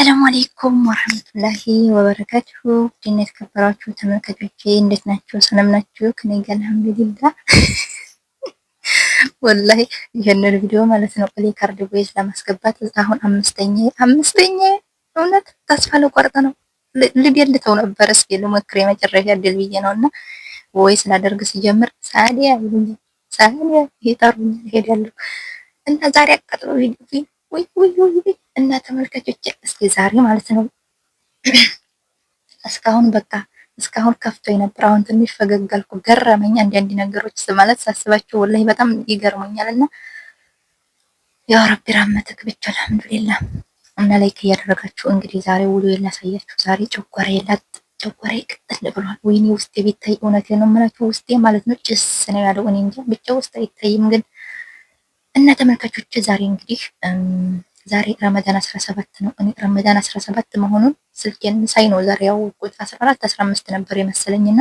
አሰላሙ አሌይኩም ወረህመቱላሂ ወበረካቱሁ ድና የተከበራችሁ ተመልካቾቼ እንዴት ናችሁ? ሰላም ናችሁ? ከኔ ጋር አልሐምዱሊላህ። ወላሂ ይህንን ቪዲዮ ማለት ነው ፕሌይ ካርድ ቦይዝ ለማስገባት አሁን አምስተኛ አምስተኛ እውነት ተስፋ ልቆርጥ ነው። ልቤን ልተው ነበር እስኪ ልሞክር የመጨረሻ እድል ብዬ ነው እና ቦይዝ ላደርግ ሲጀምር ሳዲያ ይሉኛል፣ ሳዲያ ይጠሩኛል፣ እሄዳለሁ እና ዛሬ አቃጥሎ ቪዲዮ እና ተመልካቾች እስኪ ዛሬ ማለት ነው እስካሁን በቃ እስካሁን ከፍቶ የነበር አሁን ትንሽ ፈገግ አልኩ። ገረመኝ አንዳንድ ነገሮች ማለት ሳስባቸው ወላሂ በጣም ይገርመኛል። እና ያው ረቢ ራህመትክ ብቻ አልሐምዱሊላህ። እና ላይክ እያደረጋችሁ እንግዲህ ዛሬ ውሎ የላሳያችሁ። ዛሬ ጨጓራ የላት ጨጓራ ይቅጥል ብሏል። ወይኔ ውስጤ ቢታይ እውነት ነው የምላችሁ ውስጤ ማለት ነው ጭስ ነው ያለው። እኔ እንጃ ብቻ ውስጥ አይታይም ግን እና ተመልካቾች ዛሬ እንግዲህ ዛሬ ረመዳን 17 ነው። እኔ ረመዳን 17 መሆኑን ስልኬን ሳይ ነው ዛሬ ያወቅኩት። 14 15 ነበር የመሰለኝና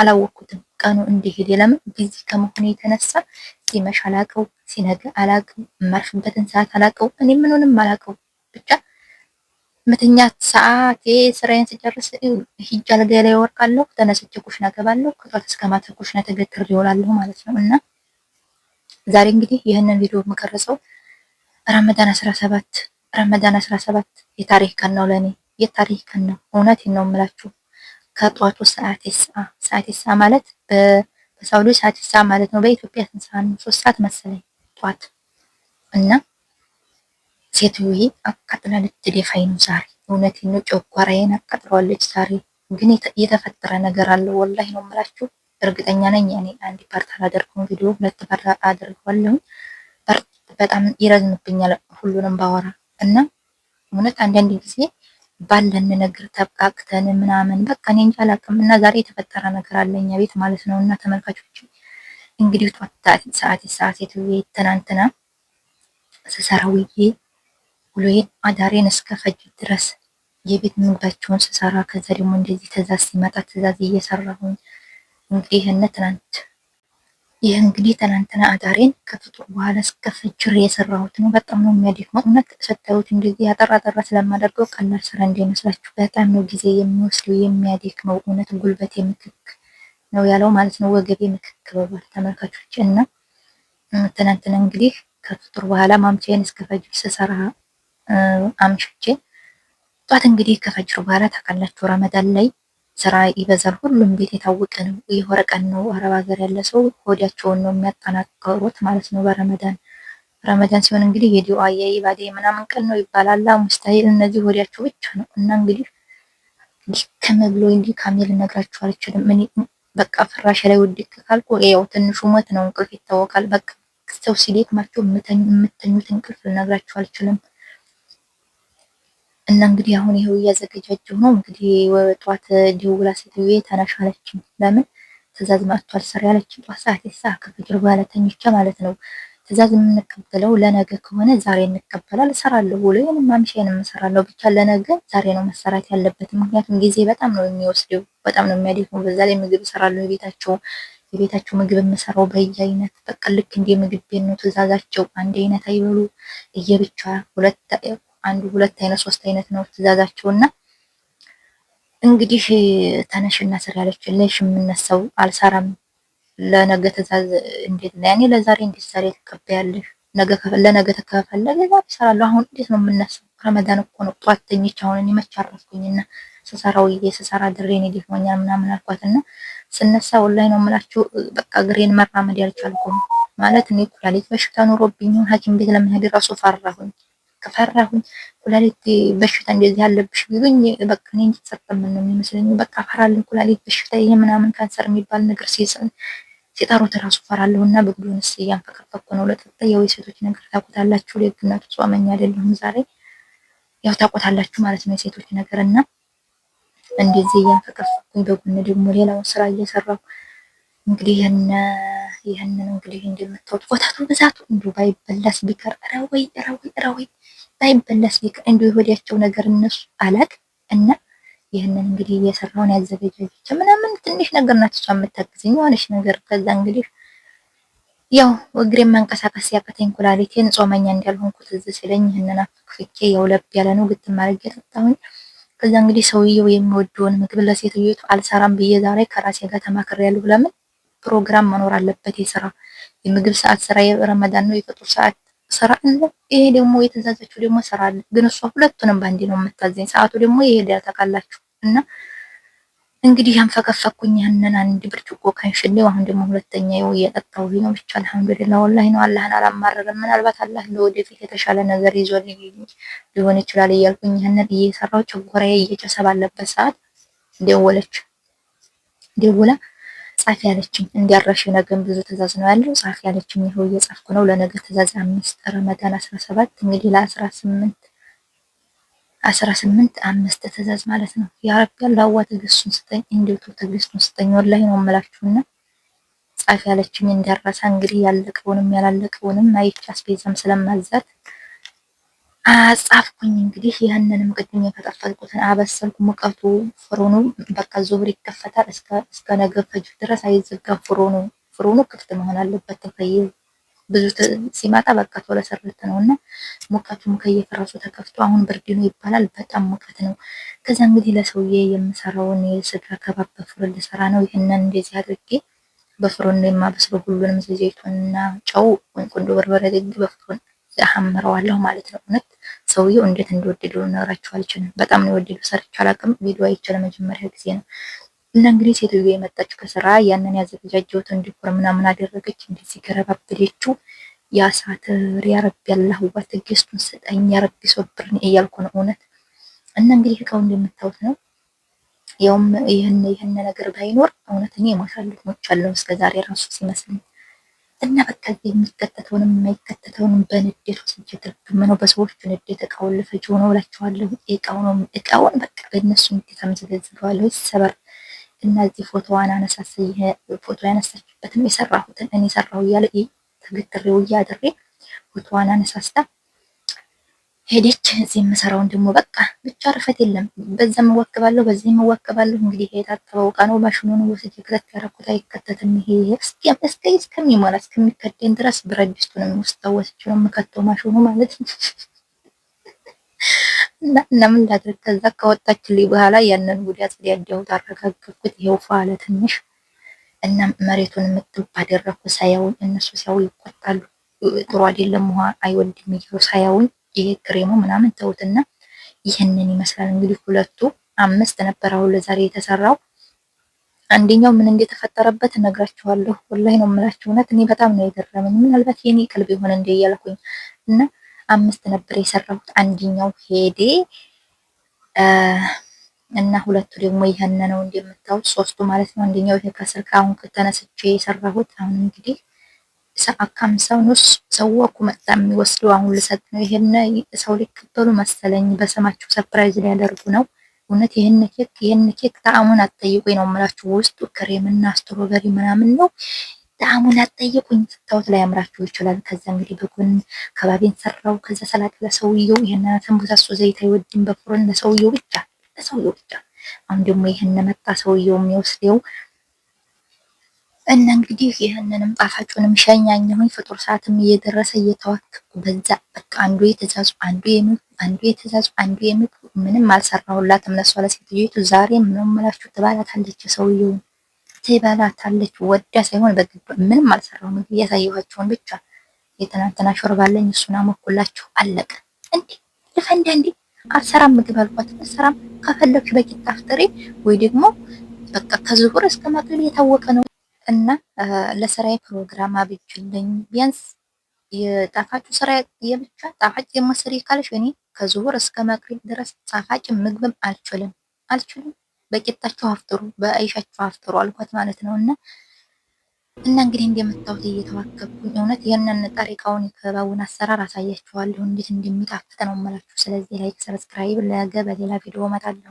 አላወቅኩትም። ቀኑ እንዲሄድ ለምን ቢዚ ከመሆኑ የተነሳ ሲመሽ አላቀው፣ ሲነገ አላቀው፣ የማርፍበትን ሰዓት አላቀው፣ እኔ ምንንም አላቀው። ብቻ መተኛት ሰዓት ስራዬን ስጨርስ ሂጅ አልጋ ላይ እወርቃለሁ፣ ተነስቼ ኩሽና ገባለሁ፣ ከጧት እስከ ማታ ኩሽና ተገትሬ እውላለሁ ማለት ነው እና ዛሬ እንግዲህ ይህንን ቪዲዮ የምቀርጸው ረመዳን 17 ረመዳን 17 የታሪክ ቀን ነው ለኔ፣ የታሪክ ቀን ነው። እውነቴን ነው የምላችሁ። ከጧቱ ሰዓት ይስዓ ሰዓት ይስዓ ማለት በሳውዲ ሰዓት ይስዓ ማለት ነው። በኢትዮጵያ ስንት ሰዓት ነው? ሶስት ሰዓት መሰለኝ ጧት። እና ሴትዬ አቃጥላ ልትደፋኝ ነው ዛሬ። እውነቴን ነው፣ ጨጓራዬን አቃጥለዋለች ዛሬ። ግን የተፈጠረ ነገር አለው ወላሂ ነው የምላችሁ። እርግጠኛ ነኝ። ያኔ አንድ ፓርት አላደርገውም ቪዲዮ፣ ሁለት ፓርት በጣም ይረዝምብኛል ሁሉንም ባወራ እና እውነት አንዳንድ ጊዜ ባለን ነገር ተብቃቅተን ምናምን በቃ እኔ እንጃ አላውቅም። እና ዛሬ የተፈጠረ ነገር አለ እኛ ቤት ማለት ነው። እና ተመልካቾች እንግዲህ ሰዓት ሰዓት ትናንትና ስሰራ ውዬ ውሎዬን አዳሬን እስከ ፈጅ ድረስ የቤት ምግባቸውን ስሰራ ከዛ ደግሞ እንደዚህ ትእዛዝ ሲመጣ ትእዛዝ እየሰራሁኝ እንግዲህ እነ ትናንት ይህ እንግዲህ ትናንትና አዳሬን ከፍጡር በኋላ እስከፍት ችር የሰራሁት ነው። በጣም ነው የሚያደክመው። እውነት ስታዩት እንደዚህ አጠራ አጠራ ስለማደርገው ቀላል ስራ እንዳይመስላችሁ በጣም ነው ጊዜ የሚወስደው የሚያደክመው። እውነት ጉልበት የምክክ ነው ያለው ማለት ነው። ወገቤ ምክክ በባል ተመልካቾች። እና ትናንትና እንግዲህ ከፍጡር በኋላ ማምቻዬን እስከ ፈጅር ስሰራ አምሽቼ ጧት እንግዲህ ከፈጅር በኋላ ታውቃላችሁ ረመዳን ላይ ስራ ይበዛል። ሁሉም ቤት የታወቀ ነው። ይህ ወረቀት ነው። አረብ ሀገር ያለ ሰው ሆዲያቸውን ነው የሚያጠናክሩት ማለት ነው። በረመዳን ረመዳን ሲሆን እንግዲህ የዱዓ ባዴ ምናምን ቀን ነው ይባላል። ሙስታሂል እነዚህ ሆዲያቸው ብቻ ነው እና እንግዲህ ድከም ብሎ እንዲህ ካሜል ነግራቸው አልችልም። በቃ ፍራሽ ላይ ውድቅ ካልኩ ያው ትንሹ ሞት ነው። እንቅልፍ ይታወቃል። በቃ ሰው ሲደክማችሁ የምተኙት እንቅልፍ ልነግራቸው አልችልም። እና እንግዲህ አሁን ይሄው እያዘገጃጀሁ ነው። እንግዲህ ጠዋት ደውላ ሴትዮ ተነሽ አለችኝ። ለምን ትእዛዝ መጥቷል ስሪ ያለች ጠዋት ሰዓት የተሰዓት ከፍጅር ተኝቼ ማለት ነው። ትእዛዝ የምንቀበለው ለነገ ከሆነ ዛሬ እንቀበላል፣ እሰራለሁ፣ ውሎዬን ማምሻዬንም እሰራለሁ። ብቻ ለነገ ዛሬ ነው መሰራት ያለበት። ምክንያቱም ጊዜ በጣም ነው የሚወስደው፣ በጣም ነው የሚያደክመው። በዛ ላይ ምግብ እሰራለሁ። የቤታቸው የቤታቸው ምግብ የምሰራው በየአይነት በቃ ልክ እንደ ምግብ ቤት ነው ትእዛዛቸው። አንድ አይነት አይበሉ እየብቻ ሁለት አንዱ ሁለት አይነት ሶስት አይነት ነው ትእዛዛቸውና እንግዲህ ተነሽና ስር ያለችን ላይ የምነሳው አልሰራም። ለነገ ትእዛዝ እንዴት ነው? ያኔ ለዛሬ እንዴት ዛሬ ትቀበያለሽ? ነገ ለነገ ተከፈለገ ዛሬ እሰራለሁ። አሁን እንዴት ነው የምነሳው? ረመዳን እኮ ነው። ጧት ተኝቼ አሁን እኔ መች አረፍኩኝና ስሰራው ይሄ ስሰራ ድሬ ነው ይደክመኛል ምናምን አልኳትና ስነሳ ወላሂ ነው የምላችሁ በቃ ግሬን መራመድ ያልቻልኩ ማለት እኔ ኩላሊት በሽታ ኑሮብኝ ሐኪም ቤት ለመሄድ ራሱ ፈራሁኝ። ፈራሁኝ። ኩላሊት በሽታ እንደዚህ ያለብሽ ቢሉኝ በቃ እኔ እንጂ ምን ነው የሚመስለኝ። በቃ ፈራለሁ። ኩላሊት በሽታ ይሄ ምናምን ካንሰር የሚባል ነገር ሲጽን ሲጠሩት እራሱ ፈራለሁ እና በግዶንስ እያንፈቀፈኩ ነው ለጠጠ የወይ ሴቶች ነገር ታቆታላችሁ። ደግነቱ ጾመኛ አይደለሁም ዛሬ ያው ታቆታላችሁ ማለት ነው የሴቶች ነገር እና እንደዚህ እያንፈቀፈኩኝ በጎን ደግሞ ሌላውን ስራ እየሰራሁ እንግዲህ የነ ይህንን እንግዲህ እንደምታወት ቦታቱ ብዛቱ እንዱ ባይበላስ ቢቀር ረወይ ረወይ ረወይ ሳይበለስ ቢቀር እንዲሁ የወዲያቸው ነገር እነሱ አላት እና ይህንን እንግዲህ እየሰራውን ያዘገጃጀች ምናምን ትንሽ ነገር ናት እሷ የምታግዝኝ የሆነች ነገር። ከዛ እንግዲህ ያው እግሬን መንቀሳቀስ ያቀተኝ ኩላሊቴን ጾመኛ እንዳልሆንኩ ትዝ ሲለኝ ይህንን አፍክፍኬ ያው ለብ ያለ ነው ግጥም አድርጌ ጠጣሁኝ። ከዛ እንግዲህ ሰውየው የሚወደውን ምግብ ለሴትዮቱ አልሰራም ብዬ ዛሬ ከራሴ ጋር ተማክሬያለሁ። ለምን ፕሮግራም መኖር አለበት የስራ የምግብ ሰዓት ስራ የረመዳን ነው የፈጡር ሰዓት ስራ አለ። ይሄ ደግሞ ደግሞ ስራ አለ። ግን እሷ ሁለቱንም ባንዴ ነው የምታዘኝ። ሰዓቱ ደግሞ ይሄዳል ታውቃላችሁ። እና እንግዲህ ያንፈከፈኩኝ ያንን አንድ ብርጭቆ ከንሽኔው አሁን ደግሞ ሁለተኛ ይኸው እየጠጣሁ ነው። ብቻ አልሐምዱሊላህ ወላሂ ነው አላህን ምናልባት አላህ ለወደፊት የተሻለ ነገር ይዞ ሊሆን ይችላል እያልኩኝ ያንን እየሰራሁ ጨጎራዬ ሰዓት ደወለች ደውላ ጻፊ ያለችኝ እንዲያራሽ ነገን ብዙ ትእዛዝ ነው ያለው። ጻፊ ያለችኝ ይኸው እየጻፍኩ ነው። ለነገ ትእዛዝ አምስት ረመዳን 17 እንግዲህ ለ18 18 አምስት ትእዛዝ ማለት ነው። ያ ረቢ አላህ ትዕግስቱን ስጠኝ፣ እንዴቱ ትዕግስቱን ስጠኝ። ወላሂ ነው የምላችሁና ጻፊ ያለችኝ እንዲያራሳ እንግዲህ ያለቀውንም ያላለቀውንም አይቻስ ቤዛም ስለማዛት አጻፍኩኝ እንግዲህ ይህንንም ቅድም የፈጠፈልኩትን አበሰልኩ። ሙቀቱ ፍሩኑ በቃ ዙሁር ይከፈታል። እስከ ነገ ፈጅር ድረስ አይዘጋ ፍሩኑ። ፍሩኑ ክፍት መሆን አለበት። ተከይብ ብዙ ሲመጣ በቃ ቶሎ ሰረት ነው እና ሙቀቱም ከየፍራሱ ተከፍቶ አሁን ብርድ ነው ይባላል። በጣም ሙቀት ነው። ከዛ እንግዲህ ለሰውዬ የምሰራውን የስጋ ከባብ በፍሩን ልሰራ ነው። ይህንን እንደዚህ አድርጌ በፍሩን የማበስለው ሁሉንም ዘይቱንና ጨው፣ ቁንዶ በርበሬ በፍሩን አሐምረዋለሁ ማለት ነው እውነት ሰውየው እንዴት እንደወደደው ልነግራችሁ አልችልም። በጣም ነው የወደደው። ሰርቼ አላውቅም። ቪዲዮ አይቼ ለመጀመሪያ ጊዜ ነው። እና እንግዲህ ሴትዮ የመጣችው ከስራ ያንን ያዘገጃጀሁትን ዲኮር ምናምን አደረገች። እንደዚህ ገረባብደችው። ያ ሳትር ያረብ ያላህዋ ትዕግስቱን ስጠኝ ያረብ ሶብርን እያልኩ ነው እውነት። እና እንግዲህ እቃው እንደምታዩት ነው። ያውም ይህን ነገር ባይኖር እውነት እኔ እሞታለሁ። ሞቻለሁ እስከዛሬ ራሱ ሲመስለኝ እና በቃ የሚከተተውንም የማይከተተውንም በንዴት ውስጥ እየተገመ ነው። በሰዎች ንዴት እቃውን ልፈጅ ሆነ ብላቸዋለሁ። እቃውን እቃውን በቃ በእነሱ ንዴት አመዘገዝገዋለሁ። ሰበር እና እዚህ ፎቶዋን አነሳስ ፎቶ ያነሳችበትም የሰራሁትን እኔ ሰራሁ እያለ ተገትሬው እያድሬ ፎቶዋን አነሳስታ ሄደች። እዚህ የምሰራውን ደግሞ በቃ ብቻ እርፈት የለም። በዛ መዋከባለሁ፣ በዚህ መዋከባለሁ። እንግዲህ የታጠበው ዕቃ ነው። ማሽኑን ወስጄ ከተት ያረኩት አይከተትም። ይሄ እስከ እስከሚሞላ እስከሚከደን ድረስ ብረት ድስቱንም ውስጥ ወስጄ ነው የምከተው ማሽኑ ማለት ነው። እና እናም እንዳድርግ ከዛ ከወጣችልኝ በኋላ ያንን ጉዳይ አጽድያለሁት፣ አረጋገጥኩት። ይሄው ፋለ ትንሽ እና መሬቱን የምጥብ አደረኩ። ሳያውን እነሱ ሲያው ይቆጣሉ። ጥሩ አይደለም ውሃ አይወድም እያሉ ሳያውን ይሄ ክሬሙ ምናምን ተውትና ይህንን ይመስላል እንግዲህ ሁለቱ አምስት ነበር አሁን ለዛሬ የተሰራው አንደኛው ምን እንደተፈጠረበት እነግራችኋለሁ። ወላሂ ነው የምላችሁ እውነት እኔ በጣም ነው የገረመኝ። ምናልባት የኔ ቅልብ የሆነ እንደ እያልኩኝ እና አምስት ነበር የሰራሁት አንደኛው ሄዴ እና ሁለቱ ደግሞ ይሄን ነው እንደምታውቁ ሶስቱ ማለት ነው። አንደኛው ይሄ ከስር ከአሁን ከተነስቼ የሰራሁት አሁን እንግዲህ አካም ሰው ኖስ ሰወኩ መጣ የሚወስደው አሁን ልሰጥ ነው። ይሄን ሰው ሊቀበሉ መሰለኝ በሰማችሁ ሰፕራይዝ ሊያደርጉ ነው። እውነት ይህን ኬክ ይህን ኬክ ጣዕሙን አትጠይቁኝ ነው የምላችሁ። ውስጡ ክሬም እና ስትሮበሪ ምናምን ነው። ጣዕሙን አትጠይቁኝ። ስታውት ላይ አምራችሁ ይችላል። ከዛ እንግዲህ በጎን ከባቤን ሰራው። ከዛ ሰላጣ ለሰውየው ይሄን ተንቦሳሶ ዘይት አይወድም። በፍሮን ለሰውየው ብቻ ለሰውየው ብቻ። አሁን ደግሞ ይሄን መጣ ሰውየው የሚወስደው እና እንግዲህ ይህንንም ጣፋጩንም ሸኛኘሁኝ። ፍጡር ሰዓትም እየደረሰ እየተዋከብኩ በዛ። በቃ አንዱ የትእዛዙ አንዱ የምግብ አንዱ የትእዛዙ አንዱ የምግብ ምንም አልሰራሁላትም። ለሷ ለሴትዮቱ ዛሬ ምንም ምላችሁ ትባላታለች፣ ሰውየውን ትባላታለች። ወዳ ሳይሆን በግድ ምንም አልሰራሁም። ምግብ እያሳየኋቸውን ብቻ የትናንትና ሾርባ አለኝ፣ እሱን አሞኩላችሁ አለቀ። እንዴ ልፈንዳ እንዴ? አልሰራም ምግብ አልኳት። አልሰራም ከፈለግሽ በቂጣ አፍጥሬ ወይ ደግሞ በቃ ከዙሁር እስከ መቅሪብ የታወቀ ነው። እና ለስራዬ ፕሮግራም አብጅልኝ ቢያንስ የጣፋጭ ስራ የብቻ ጣፋጭ የምስሪ ካልሽ እኔ ከዙሁር እስከ መቅሪብ ድረስ ጣፋጭ ምግብም አልችልም አልችልም። በቂጣችሁ አፍጥሩ፣ በአይሻችሁ አፍጥሩ አልኳት ማለት ነው እና እና እንግዲህ እንደምታዩት እየተዋከብኩኝ እውነት ይህንን ጠሪቃውን የከባውን አሰራር አሳያችኋለሁ እንዴት እንደሚጣፍጥ ነው የምላችሁ። ስለዚህ ላይክ፣ ሰብስክራይብ ነገ በሌላ ቪዲዮ እመጣለሁ።